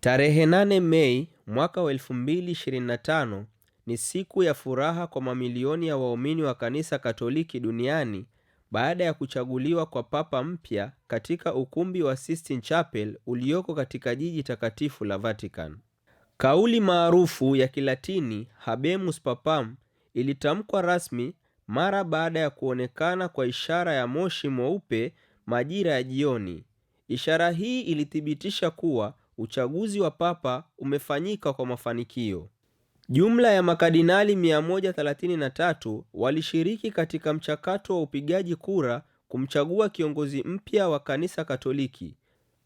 Tarehe 8 Mei mwaka wa ni siku ya furaha kwa mamilioni ya waumini wa kanisa Katoliki duniani baada ya kuchaguliwa kwa papa mpya katika ukumbi wa Sistine Chapel ulioko katika jiji takatifu la Vatican. Kauli maarufu ya Kilatini Habemus Papam ilitamkwa rasmi mara baada ya kuonekana kwa ishara ya moshi mweupe majira ya jioni. Ishara hii ilithibitisha kuwa uchaguzi wa papa umefanyika kwa mafanikio. Jumla ya makadinali 133 walishiriki katika mchakato wa upigaji kura kumchagua kiongozi mpya wa kanisa Katoliki.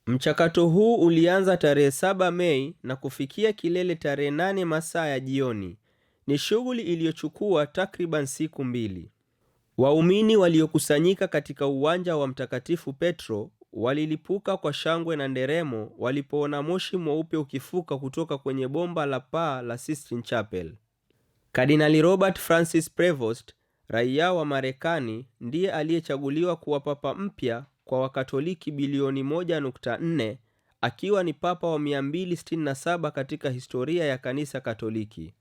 Mchakato huu ulianza tarehe 7 Mei na kufikia kilele tarehe 8 masaa ya jioni. Ni shughuli iliyochukua takriban siku mbili. Waumini waliokusanyika katika uwanja wa Mtakatifu Petro walilipuka kwa shangwe na nderemo walipoona moshi mweupe ukifuka kutoka kwenye bomba la paa la Sistine Chapel. Kardinali Robert Francis Prevost, raia wa Marekani, ndiye aliyechaguliwa kuwa papa mpya kwa Wakatoliki bilioni 1.4 akiwa ni papa wa 267 katika historia ya kanisa Katoliki.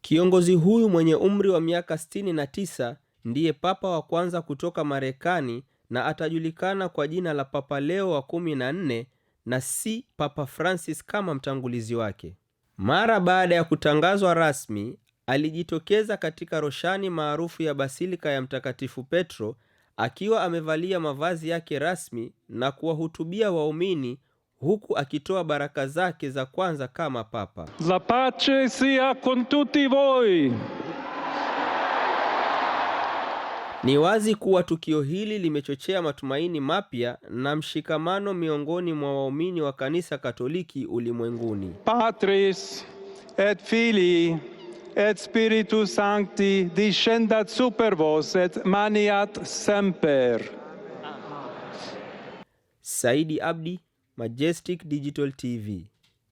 Kiongozi huyu mwenye umri wa miaka 69 ndiye papa wa kwanza kutoka Marekani na atajulikana kwa jina la Papa Leo wa kumi na nne na si Papa Francis kama mtangulizi wake. Mara baada ya kutangazwa rasmi, alijitokeza katika roshani maarufu ya Basilika ya Mtakatifu Petro akiwa amevalia mavazi yake rasmi na kuwahutubia waumini huku akitoa baraka zake za kwanza kama papa. La pace sia con tutti voi. Ni wazi kuwa tukio hili limechochea matumaini mapya na mshikamano miongoni mwa waumini wa Kanisa Katoliki ulimwenguni. Patris et Filii et Spiritus Sancti discendat super vos et maniat semper. Saidi Abdi, Majestic Digital TV.